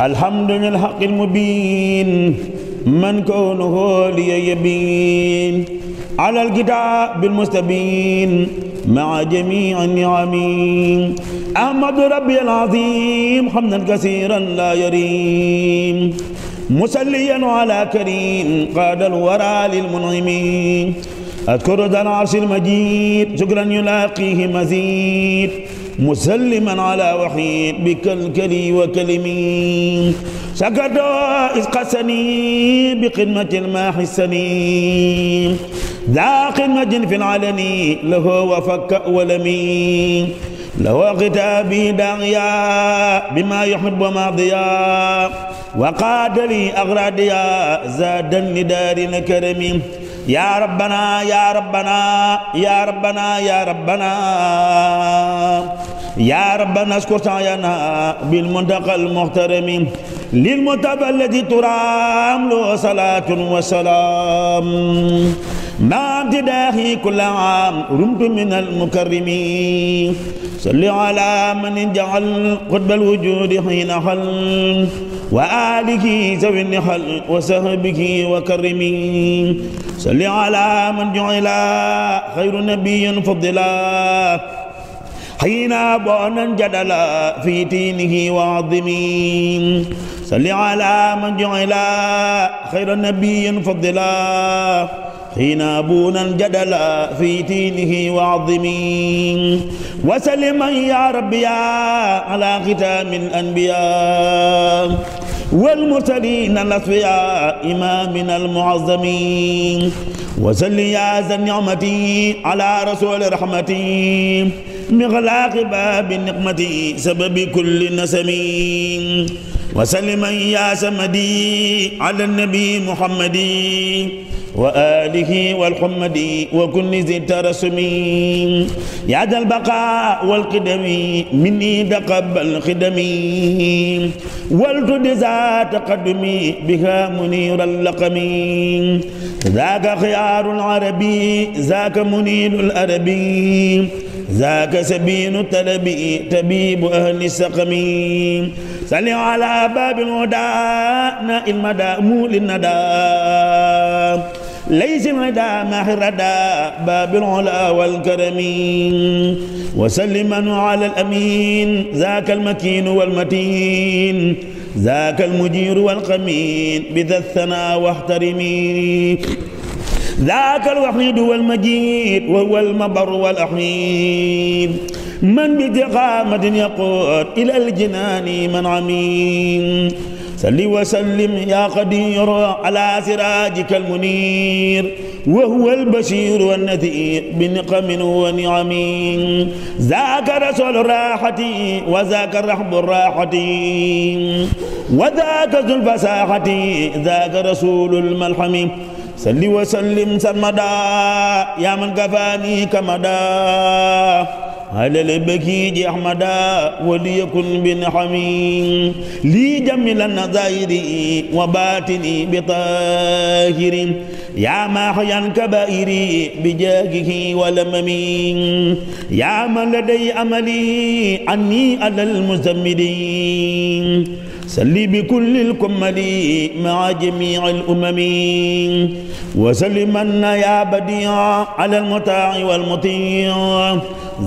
الحمد للحق المبين من كونه لي يبين على الكتاب المستبين مع جميع النعمين أحمد ربي العظيم حمدا كثيرا لا يريم مسليا على كريم قاد الورى للمنعمين أذكر ذا العرش المجيد شكرا يلاقيه مزيد مسلما على وحيد بكلكلي وكلمي سكت إذ قسني بقمة ما حسني ذا قمة في العلن له وفك ولمي له كتابي داعيا بما يحب وماضيا وقاد لي أغراديا زادا لدار الكرم يا ربنا يا ربنا يا ربنا يا ربنا يا ربنا اشكر سعينا بالمنتقى المحترم للمتابع الذي ترام له صلاة وسلام مع امتداحه كل عام رمت من المكرمين صل على من جعل قطب الوجود حين حل وآله ذوي النحل وصحبه وكرمين صل على من جعل خير نبي فضلا حين بونا جدلا في دينه وعظمين صل على من جعل خير نبي فضلا حين بونا جدلا في دينه وعظمين وسلم يا ربي على ختام الأنبياء والمرسلين الأصفياء إمامنا المعظمين وسل يا ذا نعمتي على رسول رحمتي مغلاق باب نقمتي سبب كل نسم وسلما يا سمدي على النبي محمد وآله والحمد وكن ذي الترسم يا ذا البقاء والقدم مني تقبل خدمي والتد ذا تقدمي بها منير اللقم ذاك خيار العربي ذاك منير الأربي ذاك سبيل تلبي تبيب أهل السقم صل على باب الهدى نائم مدى مول الندى ليس مدى مهردا باب العلا والكرم وسلما على الأمين ذاك المكين والمتين ذاك المجير والقمين بذا الثنى واحترمي ذاك الوحيد والمجيد وهو المبر والأحميد من بدقامة يقود إلى الجنان من عمين صل وسلم يا قدير على سراجك المنير وهو البشير والنذير بنقم ونعم ذاك رسول الراحة وذاك رحب الراحة وذاك ذو الفساحة ذاك رسول الملحم salli wa sallim sarmada yaa man kafaani kamada alele bekiji ahmada waliyakun bin hamim li jamila nazahiri wa batini bi tahirin ya mahiyan kabairi bi jahihi walamami ya man laday amali anni alal muzammidin salli bi kulli lkummali maa jamii alumami wasalimanna ya badia ala almutaai walmuti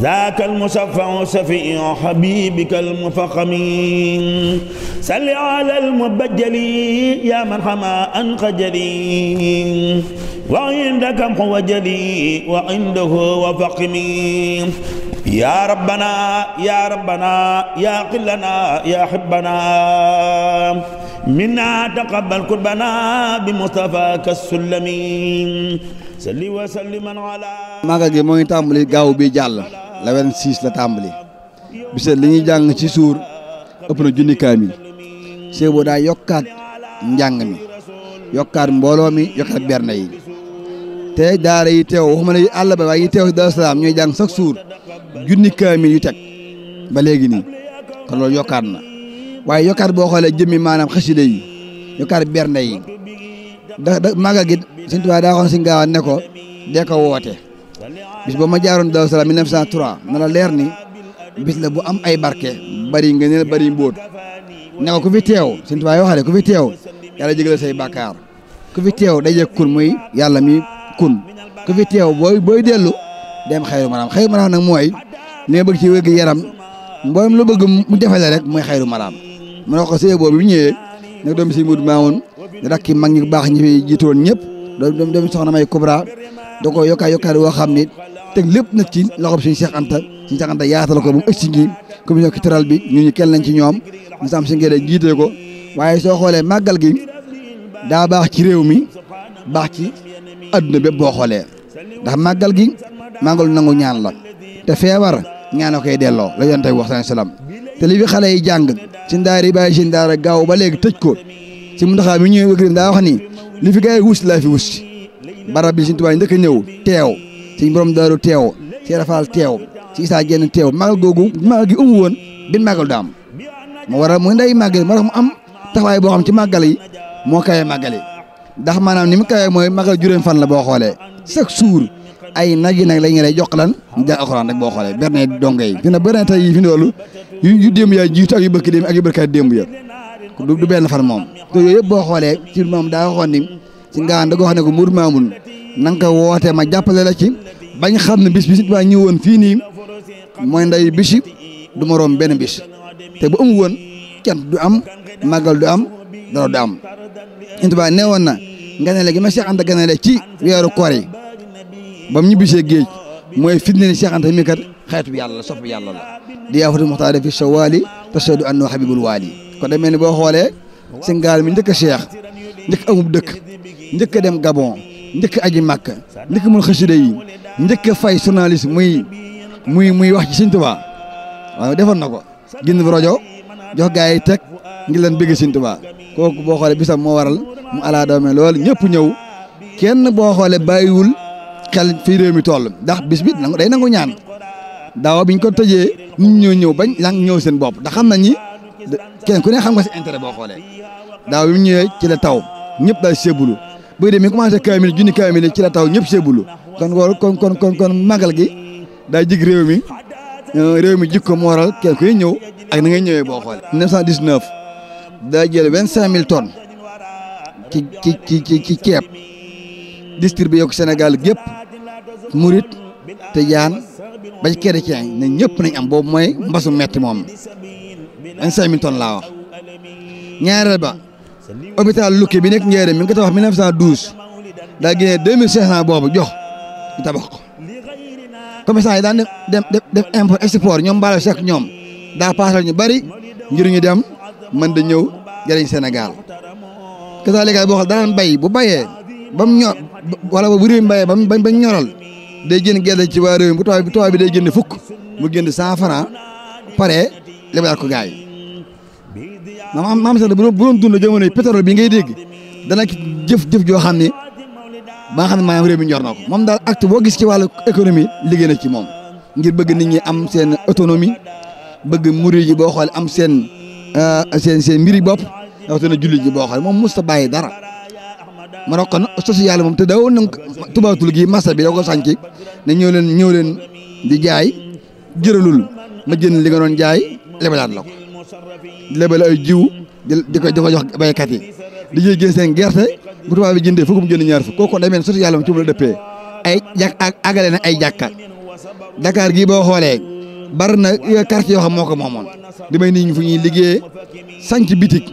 zaka almusafau safi habibika almufahami salli ala almubajjali ya man hama an xajali wa indaka huwa jali wa indahu wa faqimi yaa rabbana yaa rabbana yaa xibbana minna taqabbal kurbana bi Mustafa Kassulami salli wa salliman ala. màggal gi moo ngi tàmbali gaaw bi jàll la 26 la tàmbali bisimilah li ñuy jàng ci suur ëpp na junni kaamil Cheikh Ibra daa yokkaat njàng mi yokkaat mbooloo mi yokkaat berne yi te daara yi teew waxuma ne ba waaye yi teew ñooy jàng sax suur. junni kaamil yu teg ba léegi nii kon yokkaat na waaye yokkaat boo xoolee jëmmi maanaam xasida yi yokkaat bernde yi da da màggal gi Sëñ daa waxoon si Gaawaan ne ko dee ko woote bis ba ma jaaroon Daaru Salaam 1903 na la leer ni bis la bu am ay barke bari nga ne bari mbóot ne ko ku fi teew Sëñ Tuubaa waxale ku fi teew yàlla jégal say bàkkaar ku fi teew dajee kun muy yàlla mi kun ku fi teew booy dellu dem xayru maraam xayru maraam nag mooy li nga bëgg ci wér gi yaram mboolem lu bëgg mu defale rek mooy xayru maraam mu ne ko sëñ boobu bi ñëwee nag doom si Moudou Mamoun rakki mag ñu baax ñi fi jiitoon ñëpp doom doom soxna May Kubra da ko yokkaay yokkaay woo xam ni teg lépp nag ci loxob suñu Cheikh Anta suñu Cheikh Anta yaatal ko mu mu ëgg si ñi commission culturelle bi ñu ñu kenn lañ ci ñoom ñu sam si ngeen jiitee ko waaye soo xoolee màggal gi daa baax ci réew mi baax ci adduna bépp boo xoolee màggal gi màngalu nangu ñaan la te feebar ñaan a koy delloo la yonte bi wax sallallaahu alayhi te li xale yi jàng ci yi bàyyi ci ndaara gaaw ba léegi tëj ko ci muntaxaa mi ñëw wëkrim daa wax ni li fi gars yi wus laa fi wus barab bi suñu tubaab yi njëkk a ñëw teew suñ borom daaru teew ci rafaal teew ci isaa jenn teew magal googu magal gi umu woon bin magal du am mu war a mu nday màggal moo tax mu am taxawaay boo xam ci màggal yi moo kay màggal yi ndax maanaam ni mu kawee mooy màggal juróom fan la boo xoolee chaque jour ay nag yi nag la ñu lay jox lan jàng alxuraan rek boo xoolee berne donge yi fi na berne tey fi doolu yu démb ya jiitu ak yu bëkk démb ak yu bëkkaat démb ya du du benn fan moom te yooyu yëpp boo xoolee ci moom daa waxoon ni ci ngaan da nga xam ne ko muur maamun na nga ko wootee ma jàppale la ci bañ xam ne bis bi si waa ñëwoon fii nii mooy nday bisi du moroom benn bis te bu amul woon cant du am màggal du am dara du am intuba nee woon na nga ne léegi ma Cheikh Anta ganale ci weeru koor yi ba mu ñibbisee géej mooy firnde ni Cheikh Anta mi kat xeetu bi yàlla la sopp yàlla la di yaafatu muxtaar fi sawaali tashadu annahu habibul waali kon da ni boo xoolee Sénégal mi njëkk a Cheikh njëkk amub dëkk njëkk a dem Gabon njëkk aji màkk njëkk mun xasida yi njëkk a fay journaliste muy muy muy wax ci Sëñ Tuubaa waaw defoon na ko génn bi rajo jox gaa yi teg ngir leen bëgg Sëñ Tuubaa kooku boo xoolee bisam moo waral mu alaa doome lool ñëpp ñëw kenn boo xoolee bàyyiwul xel fii réew mi toll ndax bis bi day nangu ñaan daaw biñ ko tëjee nit ñoo ñëw bañ lang ñëw seen bopp ndax xam nañ ni kenn ku ne xam nga si intérêt boo xoolee daaw bi mu ñëwee ci la taw ñëpp daal sébulu buy demee commencé kaamil junni kaamil ci la taw ñëpp sébulu kon loolu kon kon kon kon màggal gi daay jig réew mi euh, réew mi jikko moo waral kenn ku ne ñëw ak na ngay ñëwee boo xoolee. 1919 daa jël 25000 tonnes ci ci ci ci ceeb. distribué ko Sénégal gépp murit te jaan ba ci chrétien ne ñëpp nañ am boobu mooy mbasu metti moom vingt cinq mille tonnes laa wax ñaareel ba hôpital Lukke bi nekk Njaaréem mi ngi ko tabax 1912 daa génnee 2500 boobu jox ñu tabax ko commerçant yi daan dem def import export ñoom mbaalo sekk ñoom daa paasal ñu bari ngir ñu dem man de ñëw jëriñ Sénégal kasaalikaay boo daan bay bu bayee ba mu wala bu réew mi bayee ba ba ñoral day jënd gerte ci waa réew bu taw bi taw bi day jënd fukk mu jënd cent franc pare lebal ko gars yi. maam maam sax bu doon bu doon dund jamono pétrole bi ngay dégg dana jëf jëf joo xam ne ba nga ne maanaam réew mi na ko moom daal acte boo gis ci wàllu économie liggéey na ci moom ngir bëgg nit ñi am seen autonomie bëgg murid yi boo xoolee am seen euh, seen seen mbiri bop rawatina jullit yi boo xoolee moom mosut a bàyyi dara. ma ne kon social moom te daawoon nañ ko tubaatul gi masa bi da ko sànci ne ñëw leen ñëw leen di jaay jëralul ma jënd li nga doon jaay lebalaat la ko lebal ay jiw di ko di ko jox baykat yi di jéggee seen gerte bu tubaab bi jëndee fukk mu jënd ñaar fukk kooku day mel social moom ci mu la dëppee ay jàkk ak àggale na ay jàkka Dakar gii boo xoolee bari na quartier yoo xam moo ko moomoon damay nit ñi fu ñuy liggéey sànci bitig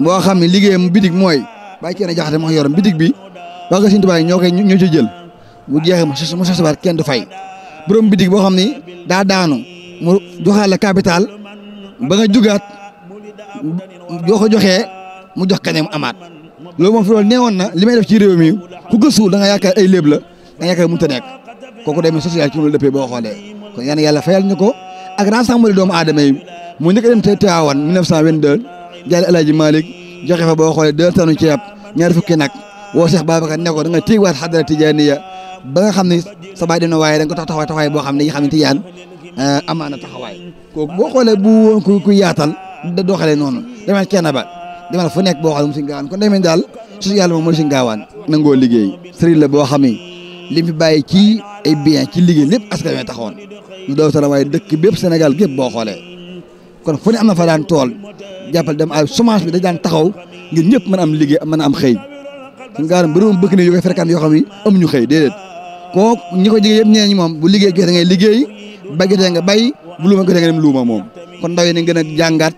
boo xam ne liggéeyam bitik mooy. bàyyi kenn jaxate moo yorom bitig bi waa ko Sëñ Tuubaa ñoo koy ñoo ci jël bu jeexee mu sosibaat kenn du fay borom bitig boo xam ni daa daanu mu joxaale la capital ba nga jugaat boo ko joxee mu jox keneen mu amaat loolu moom fi loolu neewoon na li may def ci réew mi ku gëstu da nga yaakaar ay léeb la da nga yaakaar mënut a nekk kooku day mel social ci moom dëppee boo xoolee kon yal na yàlla fayal ñu ko ak rassemblement doomu aadama yi mu nekk a dem te Tiwaawan 1922 jaale El Hadj Malick joxe fa boo xoolee deux tonnes ceeb ñaar fukki nag woo Cheikh Babacar ne ko da nga téyewaat xadara tijaaniya ba nga xam ne sa baay dina waaye da nga ko tax taxawaay taxawaay boo xam ne dañuy xam a tijaan eh, amaana taxawaay kooku boo xoolee bu woon ku ku yaatal da doxalee noonu demal kenn ba demal fu nekk boo xoolee mu si gaawaan kon demee daal su yàlla moom mooy si gaawaan nangoo liggéey sëriñ la boo xam ne li fi bàyyi ci ay bien ci liggéey lépp askan wi taxoon lu doo tala waaye dëkk bépp Sénégal gépp boo xoolee kon fu ne am na fa daan tool jàppal dem ay semence bi dañ daan taxaw ngir ñëpp man am liggéey mën a am xëy suñu gaaram bëri moom bëgg ne yu koy fréquente yoo xam xëy déedéet koo ko jege yëpp ñeneen ñi moom bu liggéey gerte ngay liggéey bay gerte bay bu luuma gerte nga dem luuma moom kon ndaw yi nañ gën a jàngaat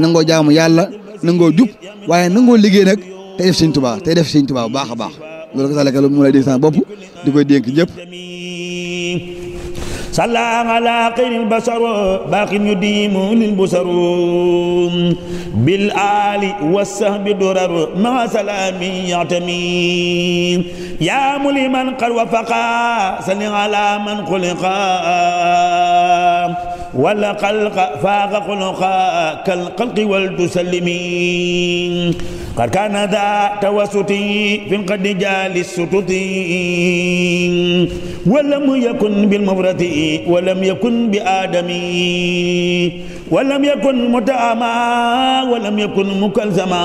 nangoo jaamu yàlla nangoo jub waaye nangoo liggéey nag tey def sëñ Tuubaa tey def sëñ Tuubaa bu baax a baax loolu ko sax lekk lu mu lay dénk sa bopp di koy dénk ñëpp صلى على خير البشر باق يديم للبشر بالآل والسهب درر مع سلام يعتمي يا ملمن قد وفقا سل على من خلقا wala xalqa faaqa xoloqa kal xalqi wal tusallimi qad kaana daa tawasuti fi lqaddi jaali sututi walam yakun bil mufrati walam yakun bi aadami walam yakun mutaama walam yakun mukalzama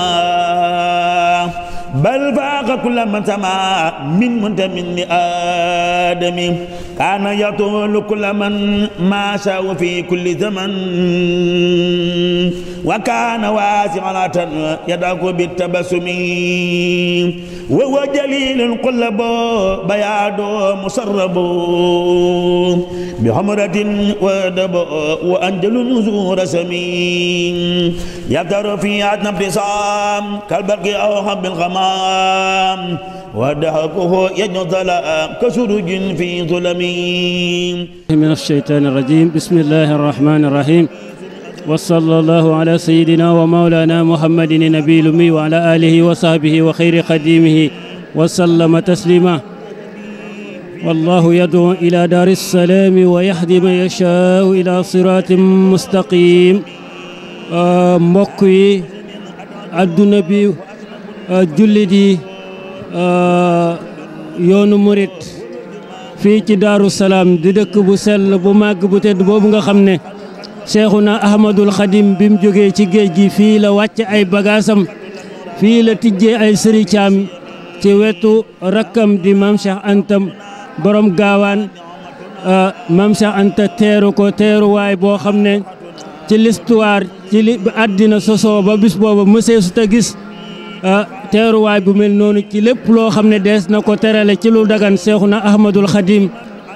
bal faaqa kulla man sama min muntamin li aadami kaana yatulu kulla man maasha wa fi kulli zaman wa kaana waasi'atan yadaku bi tabassumi wa huwa jalilun qullabo bayaado musarrabu bi humratin wa dabo wa anjalun zuura sami yaftaru fi adna ibtisam kalbarqi aw habbil ظلما ودهكه يجزل كسرج في ظلم من الشيطان الرجيم بسم الله الرحمن الرحيم وصلى الله على سيدنا ومولانا محمد النبي الأمي وعلى آله وصحبه وخير خديمه وسلم تسليما والله يدعو إلى دار السلام ويهدي من يشاء إلى صراط مستقيم mbokk yi adduna bi Euh, jullit yi euh, yoonu murit fii ci daaru salaam di dëkk bu sell bu màgg bu tedd boobu nga xam ne Seexuna Ahmadul Xadim bi mu jógee ci géej gi fii la wàcc ay bagaasam fii la tijjee ay sëricaam ci wetu rakkam di maam Cheikh Anta borom gaawaan euh, maam Cheikh teeru ko teeruwaay boo xam ne ci l'histoire ci àddina sosoo ba bis booba mësee su ta gis Euh, teeruwaay bu mel noonu ci lépp loo xam ne des na ko terale ci lu dagan Seexuna Ahmadul Xadim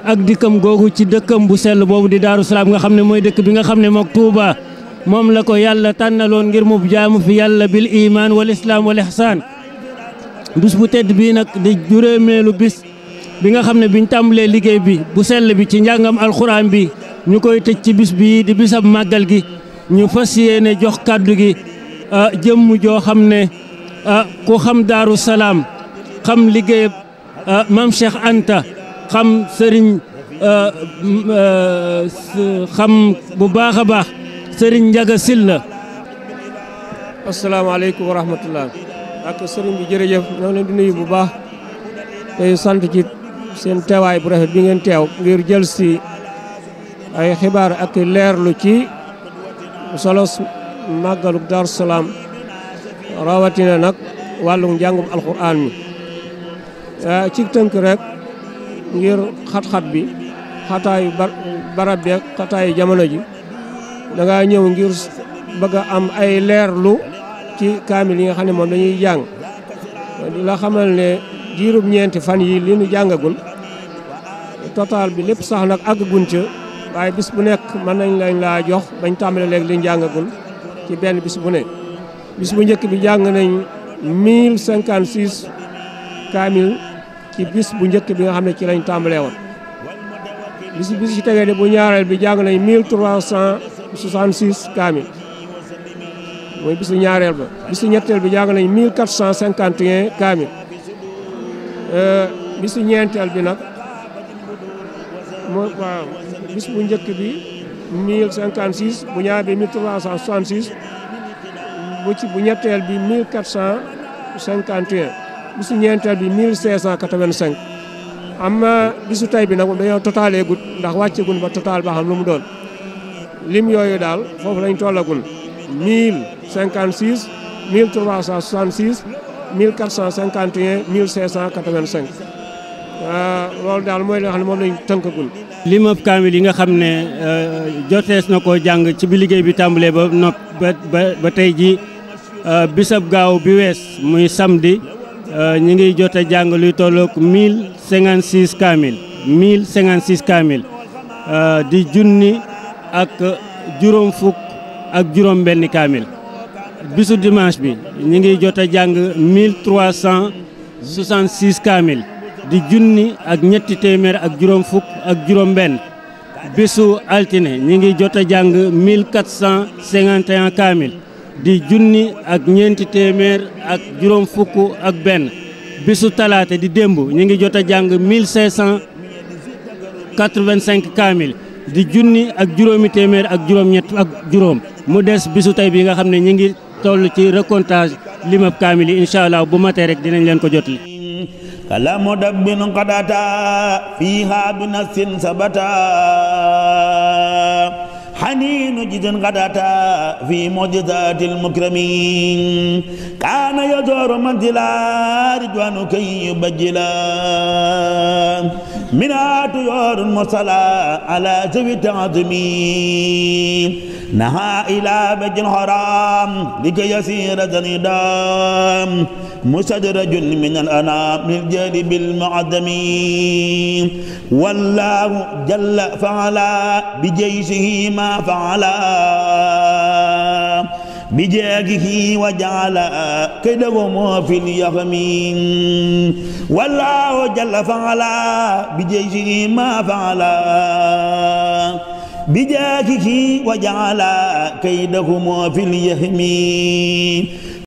ak dikkam googu ci dëkkam bu sell boobu di Daaru Salaam nga xam ne mooy dëkk bi nga xam ne moog Tuuba moom la ko yàlla tànnaloon ngir mu jaamu fi yàlla bil iman wal islaam wal ihsaan bus bu tedd bii nag di juróomeelu bis bi nga xam ne biñ tàmbalee liggéey bi bu sell bi ci njàngam alxuraan bi ñu koy tëj ci bis bii di bisab màggal gi ñu fas yéene jox kàddu gi euh, jëmm joo xam ne ah ku xam Daaru Salaam xam liggéey ah, maam Cheikh Anta xam sëriñ ah, ah, xam bu baax a baax sëriñ njaga Sylla. asalaamaaleykum wa rahmatulah. ak Serigne bi jërëjëf ñoo leen di nuyu bu baax tey sant ci seen teewaay bu rafet bi ngeen teew ngir jël si ay xibaar ak leerlu ci solos màggalu Daaru rawatina nag wàllu njàngum alxuraan mi eh, ci tënk rek ngir xat bi xataayu barab beeg xataayu jamono ji danga ñëw ngir bëgg a am ay leerlu ci kaamil yi nga xam ne moom dañuy jàng di la xamal ne diirub ñeenti fan yi li nu jàngagul total bi lépp sax nag àggagun ca waaye bis bu nekk mën nañ lañ laa jox bañ tàmbale léegi li jàngagul ci benn bis bu nekk bis bu njëkk bi jàng nañ 1056 kaamil ci bis bu njëkk bi nga xam ne ci lañ tàmbalee woon bis bis ci tegee de bu ñaareel bi jàng nañ 1366 kaamil mooy bisu ñaareel ba bisu ñetteel bi jàng nañ 1451 kaamil euh, bisu ñeenteel bi nag moo waaw bis bu njëkk bi 1056 bu ñaar bi 1366 bu ci bu ñetteel bi 1451 bu si ñeenteel bi 1685 am na bisu tey bi nag moom dañoo totalee gut ndax wàcceegun ba total ba xam lu mu doon lim yooyu daal foofu lañ tollagun 1056 1366 1451 1685 loolu daal mooy li moo xam ne moom lañ tënkagul. limab kaamil yi nga xam ne euh, jotees na ko jàng ci bi liggéey bi tàmbalee ba nopp ba ba tey jii. Euh, bisab gaaw bi wees muy samedi euh, ñi ngi jot a jàng luy tolloog 1056 kaamil 1056 kaamil euh, di junni ak juróom fukk ak juróom benn kaamil bisu dimanche bi ñi ngi jot a jàng 1366 kaamil di junni ak ñetti téeméer ak juróom fukk ak juróom benn bisu altine ñi ngi jot a jàng 1451 kaamil di junni ak ñeenti téeméer ak juróom fukk ak benn bisu talaate di démb ñu ngi jot a jàng 1585 kaamil di junni ak juróomi téeméer ak juróom-ñett ak juróom mu des bisu tey bi nga xam ne ñu ngi toll ci recomptage limab kaamil yi incha allah bu matee rek dinañ leen ko jot li kala modak bin qadata fiha bi nafsin sabata عني نجد غداتا في معجزات المكرمين كان يزور منزلا رضوانك يبجلا منات يور مصلى على زوي تعظمي نهى إلى بج الحرام لكي يسير زنيدام مستدرج من الأنام للجل بالمعدم والله جل فعلا بجيشه ما فعلا بجاهه وجعل كيدهم في اليهم والله جل فعلا بجيشه ما فعلا بجاهه وجعل كيدهم في اليهم